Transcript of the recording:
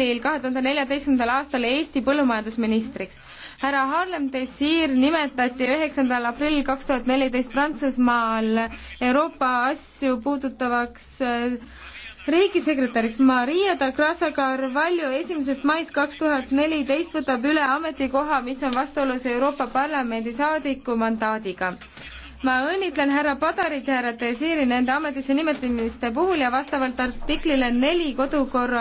aprillil kahe tuhande neljateistkümnendal aastal Eesti põllumajandusministriks. härra Harlem Desir nimetati üheksandal aprillil kaks tuhat neliteist Prantsusmaal Euroopa asju puudutavaks äh, riigisekretäriks Maria da Graza Carvalho esimesest maist kaks tuhat neliteist võtab üle ametikoha, mis on vastuolus Euroopa Parlamendi saadiku mandaadiga ma õnnitlen härra Padarit ja härra Desiri nende ametisse nimetamiste puhul ja vastavalt artiklile neli kodukorra